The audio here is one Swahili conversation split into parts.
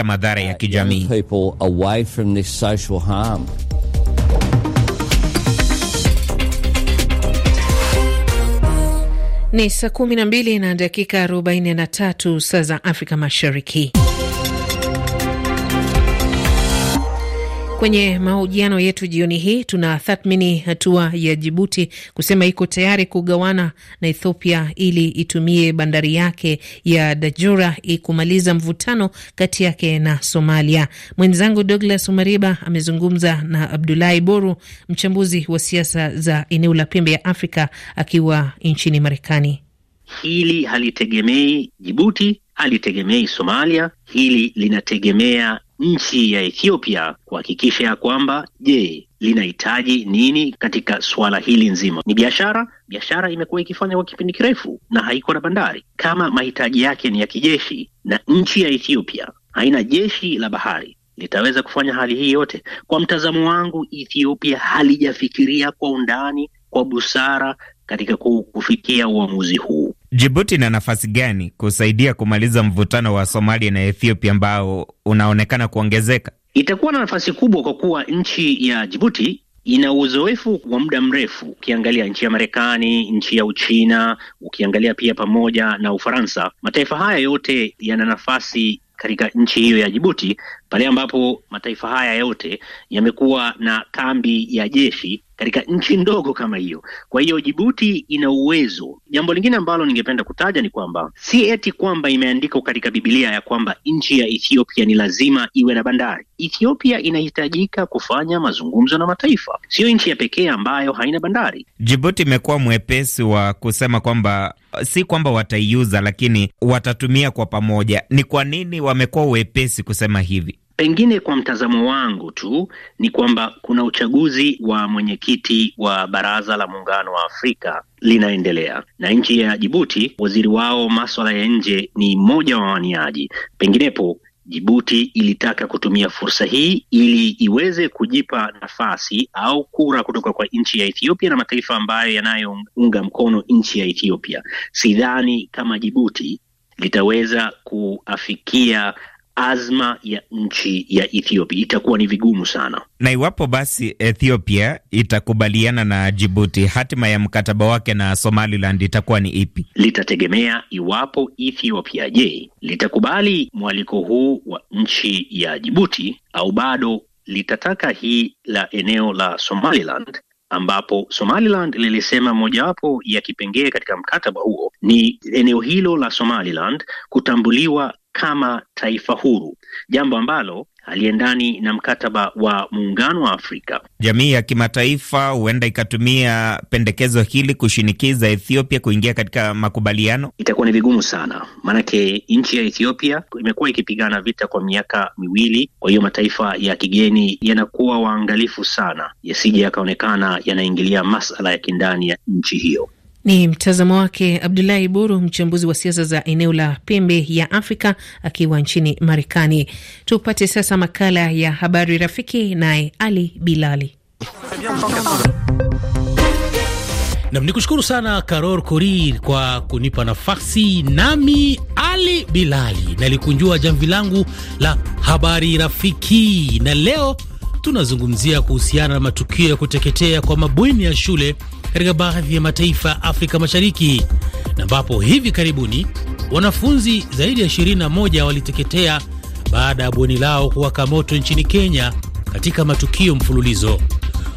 katika madhara ya uh, kijamii. Ni saa 12 na dakika 43 saa za Afrika Mashariki. Kwenye mahojiano yetu jioni hii tunatathmini hatua ya Jibuti kusema iko tayari kugawana na Ethiopia ili itumie bandari yake ya Dajura kumaliza mvutano kati yake na Somalia. Mwenzangu Douglas Umariba amezungumza na Abdulahi Boru, mchambuzi wa siasa za eneo la pembe ya Afrika akiwa nchini Marekani. Hili halitegemei Jibuti, halitegemei Somalia, hili linategemea nchi ya Ethiopia kuhakikisha ya kwamba je, linahitaji nini katika suala hili nzima. Ni biashara, biashara imekuwa ikifanya kwa kipindi kirefu na haiko na bandari. Kama mahitaji yake ni ya kijeshi na nchi ya Ethiopia haina jeshi la bahari litaweza kufanya hali hii yote? Kwa mtazamo wangu, Ethiopia halijafikiria kwa undani, kwa busara katika kufikia uamuzi huu. Jibuti ina nafasi gani kusaidia kumaliza mvutano wa Somalia na Ethiopia ambao unaonekana kuongezeka? Itakuwa na nafasi kubwa kwa kuwa nchi ya Jibuti ina uzoefu wa muda mrefu. Ukiangalia nchi ya Marekani, nchi ya Uchina, ukiangalia pia pamoja na Ufaransa, mataifa haya yote yana nafasi katika nchi hiyo ya Jibuti pale ambapo mataifa haya yote yamekuwa na kambi ya jeshi katika nchi ndogo kama hiyo. Kwa hiyo Jibuti ina uwezo. Jambo lingine ambalo ningependa kutaja ni kwamba si eti kwamba imeandikwa katika Biblia ya kwamba nchi ya Ethiopia ni lazima iwe na bandari. Ethiopia inahitajika kufanya mazungumzo na mataifa, siyo nchi ya pekee ambayo haina bandari. Jibuti imekuwa mwepesi wa kusema kwamba si kwamba wataiuza, lakini watatumia kwa pamoja. Ni kwa nini wamekuwa wepesi kusema hivi? Pengine kwa mtazamo wangu tu ni kwamba kuna uchaguzi wa mwenyekiti wa Baraza la Muungano wa Afrika linaendelea na nchi ya Jibuti, waziri wao maswala ya nje ni mmoja wa waniaji. Penginepo Jibuti ilitaka kutumia fursa hii ili iweze kujipa nafasi au kura kutoka kwa nchi ya Ethiopia na mataifa ambayo yanayounga mkono nchi ya Ethiopia. Sidhani kama Jibuti litaweza kuafikia azma ya nchi ya Ethiopia itakuwa ni vigumu sana. Na iwapo basi Ethiopia itakubaliana na Djibouti, hatima ya mkataba wake na Somaliland itakuwa ni ipi? Litategemea iwapo Ethiopia, je, litakubali mwaliko huu wa nchi ya Djibouti au bado litataka hii la eneo la Somaliland ambapo Somaliland lilisema mojawapo ya kipengee katika mkataba huo ni eneo hilo la Somaliland kutambuliwa kama taifa huru, jambo ambalo haliendani na mkataba wa muungano wa Afrika. Jamii ya kimataifa huenda ikatumia pendekezo hili kushinikiza Ethiopia kuingia katika makubaliano. Itakuwa ni vigumu sana, maanake nchi ya Ethiopia imekuwa ikipigana vita kwa miaka miwili. Kwa hiyo mataifa ya kigeni yanakuwa waangalifu sana, yasije yakaonekana yanaingilia masala ya kindani ya nchi hiyo. Ni mtazamo wake Abdulahi Buru, mchambuzi wa siasa za eneo la pembe ya Afrika akiwa nchini Marekani. Tupate sasa makala ya habari rafiki, naye Ali Bilali. Nam ni kushukuru sana Karor Korir kwa kunipa nafasi. Nami Ali Bilali nalikunjua jamvi langu la habari rafiki, na leo tunazungumzia kuhusiana na matukio ya kuteketea kwa mabweni ya shule katika baadhi ya mataifa ya Afrika Mashariki, na ambapo hivi karibuni wanafunzi zaidi ya 21 waliteketea baada ya bweni lao kuwaka moto nchini Kenya katika matukio mfululizo.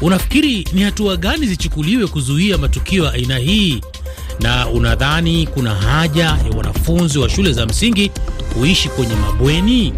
Unafikiri ni hatua gani zichukuliwe kuzuia matukio ya aina hii, na unadhani kuna haja ya wanafunzi wa shule za msingi kuishi kwenye mabweni?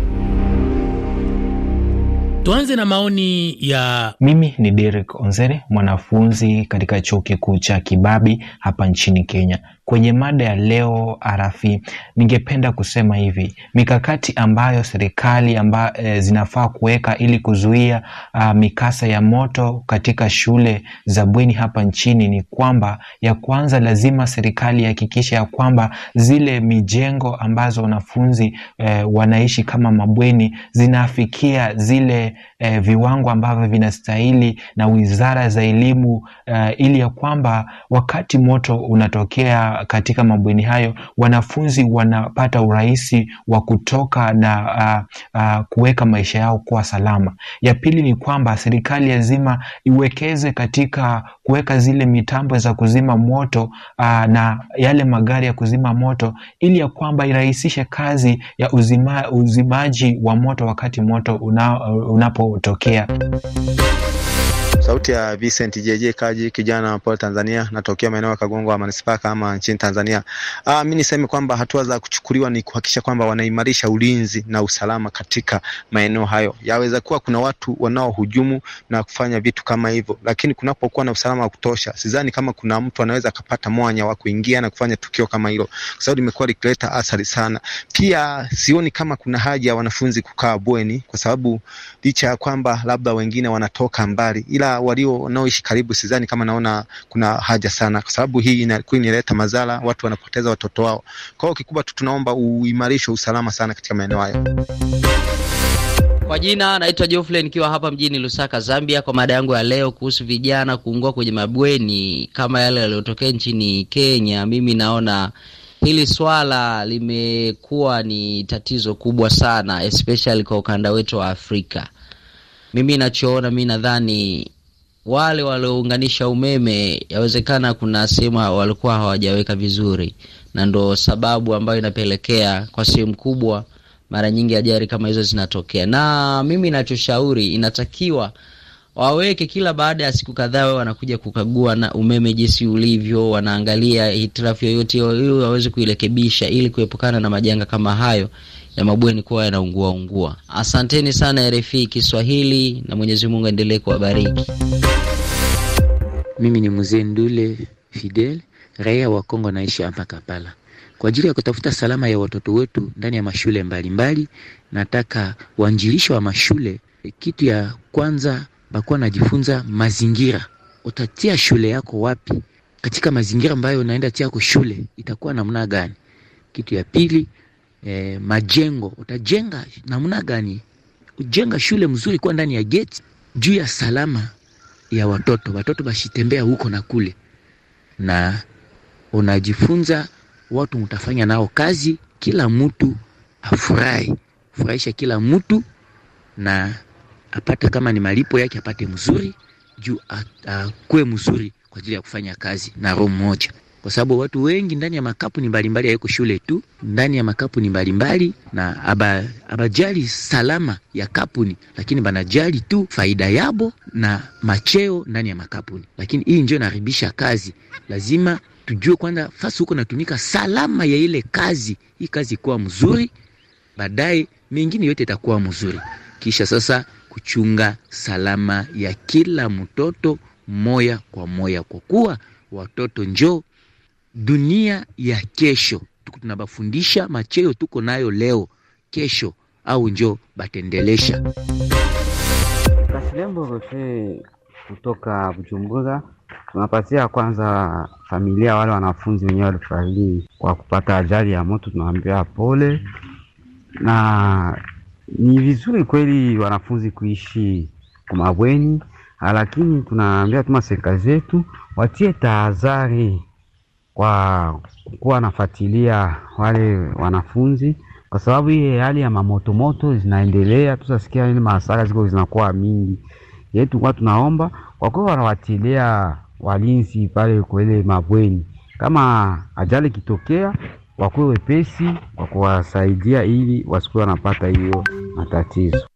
Tuanze na maoni ya mimi. Ni Derek Onzere, mwanafunzi katika chuo kikuu cha Kibabi hapa nchini Kenya. Kwenye mada ya leo Arafi, ningependa kusema hivi, mikakati ambayo serikali amba, e, zinafaa kuweka ili kuzuia a, ah, mikasa ya moto katika shule za bweni hapa nchini ni kwamba, ya kwanza, lazima serikali ihakikisha ya, ya kwamba zile mijengo ambazo wanafunzi e, wanaishi kama mabweni zinafikia zile e, viwango ambavyo vinastahili na Wizara za Elimu e, ili ya kwamba wakati moto unatokea katika, mabweni hayo wanafunzi wanapata urahisi wa kutoka na uh, uh, kuweka maisha yao kuwa salama. Ya pili ni kwamba serikali lazima iwekeze katika kuweka zile mitambo za kuzima moto uh, na yale magari ya kuzima moto ili ya kwamba irahisishe kazi ya uzima, uzimaji wa moto wakati moto una, unapotokea. Sauti ya Vincent JJ Kaji, kijana wa Pole Tanzania, natokea maeneo ya Kagongo ama manispaa kama nchini Tanzania. Ah, mimi niseme kwamba hatua za kuchukuliwa ni kuhakikisha kwamba wanaimarisha ulinzi na usalama katika maeneo hayo. Yaweza kuwa kuna watu wanaohujumu na kufanya vitu kama hivyo, lakini kunapokuwa na usalama wa kutosha, sidhani kama kuna mtu anaweza akapata mwanya wa kuingia na kufanya tukio kama hilo, kwa sababu limekuwa likileta athari sana. Pia sioni kama kuna haja ya wanafunzi kukaa bweni, kwa sababu licha ya kwamba labda wengine wanatoka mbali, ila walio wanaoishi karibu, sidhani kama naona kuna haja sana, kwa sababu hii inakuwa inaleta madhara, watu wanapoteza watoto wao. Kwa hiyo kikubwa tu tunaomba uimarishwe usalama sana katika maeneo hayo. Kwa jina naitwa Geoffrey nikiwa hapa mjini Lusaka, Zambia, kwa mada yangu ya leo kuhusu vijana kuungua kwenye mabweni kama yale yaliyotokea nchini Kenya. Mimi naona hili swala limekuwa ni tatizo kubwa sana especially kwa ukanda wetu wa Afrika. Mimi nachoona, mi nadhani wale waliounganisha umeme, yawezekana kuna sehemu walikuwa hawajaweka vizuri, na ndo sababu ambayo inapelekea kwa sehemu kubwa mara nyingi ajali kama hizo zinatokea. Na mimi nachoshauri, inatakiwa waweke kila baada ya siku kadhaa, wao wanakuja kukagua na umeme jinsi ulivyo, wanaangalia hitilafu yoyote hiyo, waweze kuirekebisha, ili kuepukana na majanga kama hayo ya mabweni kuwa yanaungua ungua. Asanteni sana RFI Kiswahili na Mwenyezi Mungu aendelee kuwabariki. Mimi ni mzee Ndule Fidel, raia wa Kongo, naishi hapa Kapala kwa ajili ya kutafuta salama ya watoto wetu ndani ya mashule mbalimbali mbali. Nataka waanjilisho wa mashule, kitu ya kwanza bakuwa najifunza mazingira. Utatia shule yako wapi? Katika mazingira ambayo unaenda tia ko shule itakuwa namna gani? Kitu ya pili e, majengo utajenga namna gani? Ujenga shule mzuri kwa ndani ya geti, juu ya salama ya watoto, watoto bashitembea huko na kule, na unajifunza watu mtafanya nao kazi, kila mtu afurahi, furahisha kila mtu na apate kama ni malipo yake apate mzuri, juu akuwe mzuri kwa ajili ya kufanya kazi na roho moja kwa sababu watu wengi ndani ya makampuni mbalimbali hayako shule tu, ndani ya makampuni mbalimbali na aba abajali salama ya kapuni, lakini banajali tu faida yabo na macheo ndani ya makapuni. lakini hii ndio inaharibisha kazi. Lazima tujue kwanza fasi huko natumika salama ya ile kazi, hii kazi kuwa mzuri, baadaye mengine yote itakuwa mzuri. Kisha sasa kuchunga salama ya kila mtoto moya kwa moya, kwa kuwa watoto njoo dunia ya kesho, tuko tunabafundisha macheo tuko nayo leo, kesho au njo batendelesha Kasilembo Rofe kutoka Bujumbura. Tunapatia kwanza familia wale wanafunzi wenyewe walifariki kwa kupata ajali ya moto, tunawambia pole, na ni vizuri kweli wanafunzi kuishi kumabweni, lakini tunaambia tuma serikali zetu watie tahadhari kwa kuwa nafuatilia wale wanafunzi, kwa sababu hii hali ya mamotomoto zinaendelea, tusasikia ile hasara ziko zinakuwa mingi. yetu kwa tunaomba kwa kuwa wanawatilia walinzi pale kwele mabweni, kama ajali kitokea wakuwe wepesi kwa kuwasaidia ili wasikuwe wanapata hiyo matatizo.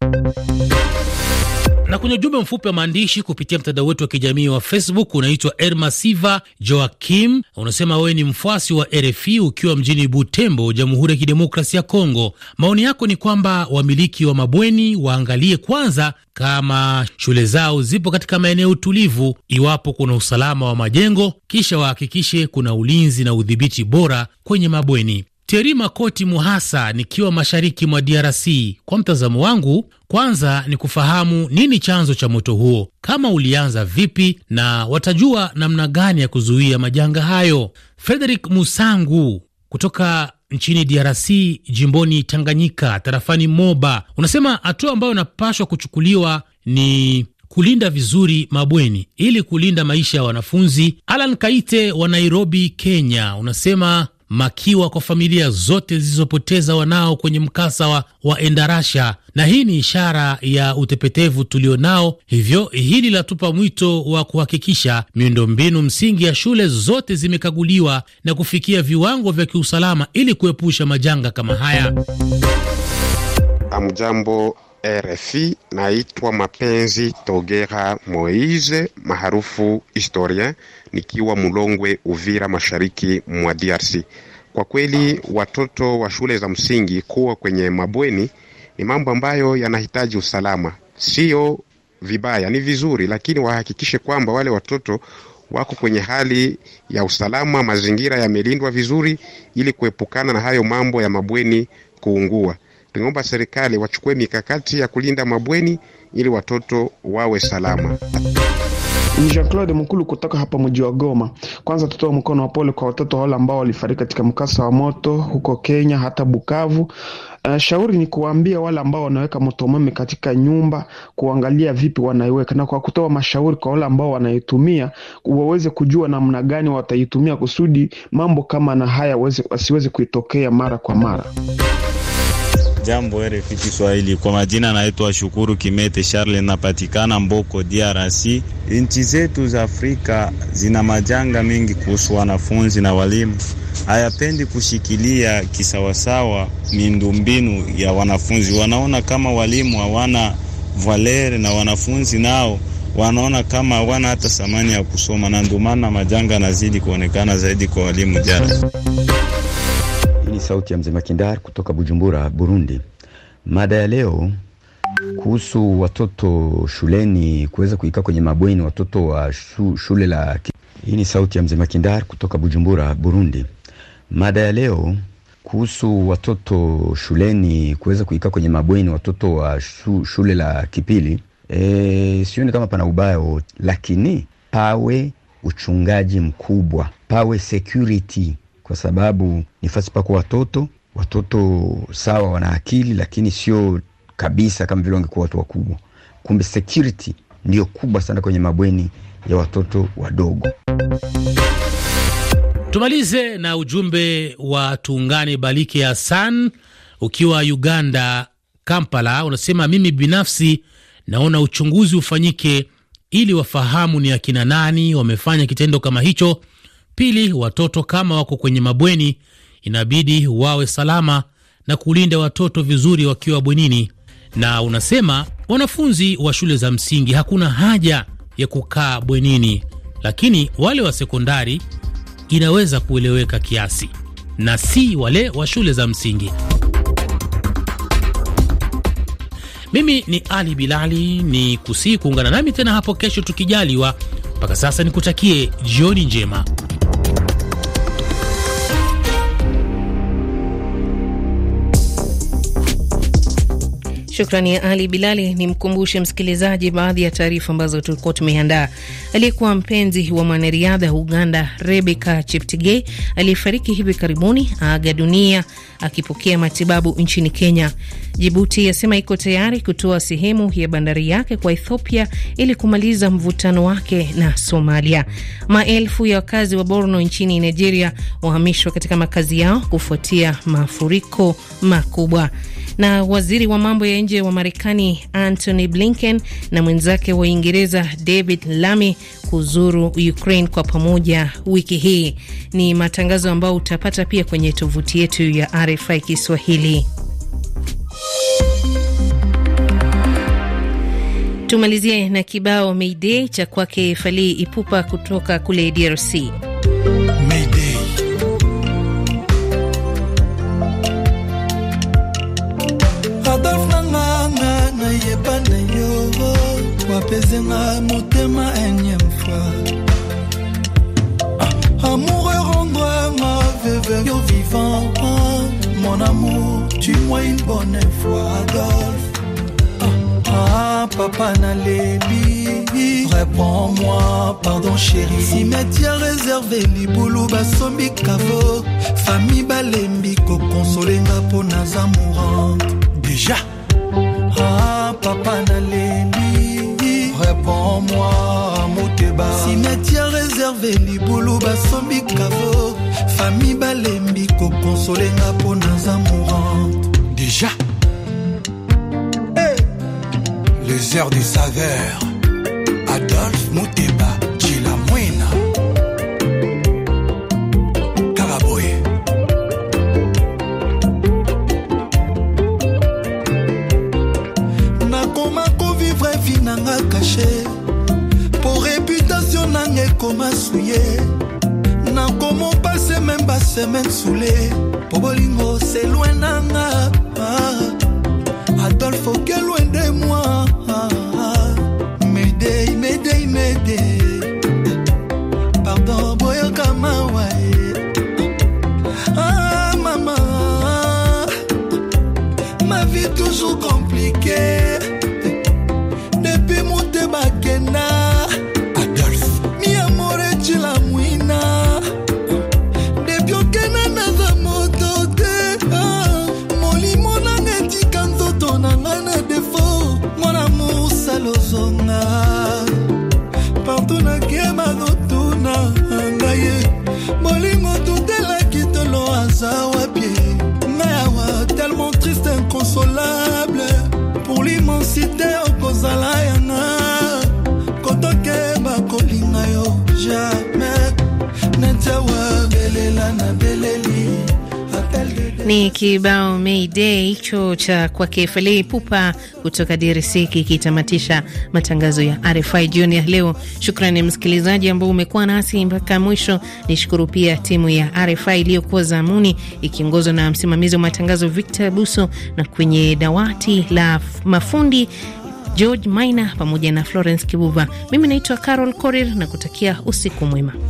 Na kwenye ujumbe mfupi wa maandishi kupitia mtandao wetu wa kijamii wa Facebook unaitwa Erma Siva Joakim, unasema wewe ni mfuasi wa RFI ukiwa mjini Butembo, Jamhuri ya Kidemokrasi ya Kongo. Maoni yako ni kwamba wamiliki wa mabweni waangalie kwanza kama shule zao zipo katika maeneo tulivu, iwapo kuna usalama wa majengo, kisha wahakikishe kuna ulinzi na udhibiti bora kwenye mabweni. Teri Makoti Muhasa, nikiwa mashariki mwa DRC. Kwa mtazamo wangu, kwanza ni kufahamu nini chanzo cha moto huo, kama ulianza vipi, na watajua namna gani ya kuzuia majanga hayo. Frederick Musangu kutoka nchini DRC jimboni Tanganyika tarafani Moba unasema hatua ambayo inapashwa kuchukuliwa ni kulinda vizuri mabweni ili kulinda maisha ya wanafunzi. Alan Kaite wa Nairobi, Kenya unasema makiwa kwa familia zote zilizopoteza wanao kwenye mkasa wa, wa Endarasha, na hii ni ishara ya utepetevu tulio nao Hivyo hili latupa mwito wa kuhakikisha miundombinu msingi ya shule zote zimekaguliwa na kufikia viwango vya kiusalama ili kuepusha majanga kama haya. Amjambo RFI. Naitwa Mapenzi Togera Moise, maarufu historien, nikiwa Mulongwe, Uvira, mashariki mwa DRC. Kwa kweli watoto wa shule za msingi kuwa kwenye mabweni ni mambo ambayo yanahitaji usalama. Sio vibaya, ni vizuri, lakini wahakikishe kwamba wale watoto wako kwenye hali ya usalama, mazingira yamelindwa vizuri, ili kuepukana na hayo mambo ya mabweni kuungua. Tunaomba serikali wachukue mikakati ya kulinda mabweni ili watoto wawe salama. Ni Jean Claude Mkulu kutoka hapa mji wa Goma. Kwanza tutoa mkono wa pole kwa watoto wale ambao walifariki katika mkasa wa moto huko Kenya, hata Bukavu. Uh, shauri ni kuwaambia wale ambao wanaweka moto umeme katika nyumba kuangalia vipi wanaiweka, na kwa kutoa mashauri kwa wale ambao wanaitumia waweze kujua namna gani wataitumia kusudi mambo kama na haya wasiweze kuitokea mara kwa mara. Jambo RFI Kiswahili, kwa majina naitwa Shukuru Kimete Charles, napatikana Mboko, DRC. Nchi zetu za Afrika zina majanga mengi kuhusu wanafunzi na walimu, hayapendi kushikilia kisawasawa miundombinu ya wanafunzi. Wanaona kama walimu hawana valere na wanafunzi nao wanaona kama hawana hata thamani ya kusoma, na ndio maana majanga yanazidi kuonekana zaidi kwa walimu jana sauti ya mzima Kindar kutoka Bujumbura, Burundi. Mada ya leo kuhusu watoto shuleni kuweza kuikaa kwenye mabweni watoto wa shu, shule la. Hii ni sauti ya mzima Kindar kutoka Bujumbura, Burundi. Mada ya leo kuhusu watoto shuleni kuweza kuikaa kwenye mabweni watoto wa shu, shule la kipili. E, sioni kama pana ubaya, lakini pawe uchungaji mkubwa, pawe security kwa sababu ni fasi pako watoto. Watoto sawa, wana akili lakini sio kabisa kama vile wangekuwa watu wakubwa. Kumbe security ndiyo kubwa sana kwenye mabweni ya watoto wadogo. Tumalize na ujumbe wa Tuungane Balike Hassan ukiwa Uganda, Kampala, unasema mimi binafsi naona uchunguzi ufanyike ili wafahamu ni akina nani wamefanya kitendo kama hicho, Pili, watoto kama wako kwenye mabweni inabidi wawe salama na kulinda watoto vizuri wakiwa bwenini. Na unasema wanafunzi wa shule za msingi hakuna haja ya kukaa bwenini, lakini wale wa sekondari inaweza kueleweka kiasi, na si wale wa shule za msingi. Mimi ni Ali Bilali, ni kusihi kuungana nami tena hapo kesho tukijaliwa. Mpaka sasa nikutakie jioni njema. Shukrani Ali Bilali. Nimkumbushe msikilizaji baadhi ya taarifa ambazo tulikuwa tumeandaa. Aliyekuwa mpenzi wa mwanariadha Uganda Rebeka Cheptegei aliyefariki hivi karibuni aaga dunia akipokea matibabu nchini Kenya. Jibuti yasema iko tayari kutoa sehemu ya bandari yake kwa Ethiopia ili kumaliza mvutano wake na Somalia. Maelfu ya wakazi wa Borno nchini Nigeria wahamishwa katika makazi yao kufuatia mafuriko makubwa na waziri wa mambo ya nje wa Marekani Antony Blinken na mwenzake wa Uingereza David Lamy kuzuru Ukraine kwa pamoja wiki hii. Ni matangazo ambayo utapata pia kwenye tovuti yetu ya RFI Kiswahili. Tumalizie na kibao Mayday cha kwake Fally Ipupa kutoka kule DRC. Mon amour, tu moi une bonne fois, Adolphe. Ah, ah papa y réponds-moi, pardon chéri. chérie. tiens réservé, Liboulou, Basombi, Kavo. Famille Balembi, napo, Pona Mourante. Déjà, ah, papa Nalébi, réponds-moi, Si Mouteba. tiens réservé, Liboulou, Basombi, Kavo famille balembi kokonsolenga mpo naza mourante déjà les heures de saveur adolphe moteba jila mwina karaboye nakoma kovivre vi nanga kashe po reputation nanga ekoma suye basemene sule po c'est loin nanga adolfo ke loin de moi medei medei medei pardon boyoka oh, mawa ah maman, ma vie toujours compliquée Ni kibao Mayday hicho cha kwake Fally pupa kutoka DRC kikitamatisha matangazo ya RFI jioni ya leo. Shukrani msikilizaji ambao umekuwa nasi mpaka mwisho. Nishukuru pia timu ya RFI iliyokuwa zamuni ikiongozwa na msimamizi wa matangazo Victor Buso, na kwenye dawati la mafundi George Maina pamoja na Florence Kibuva. Mimi naitwa Carol Korir na kutakia usiku mwema.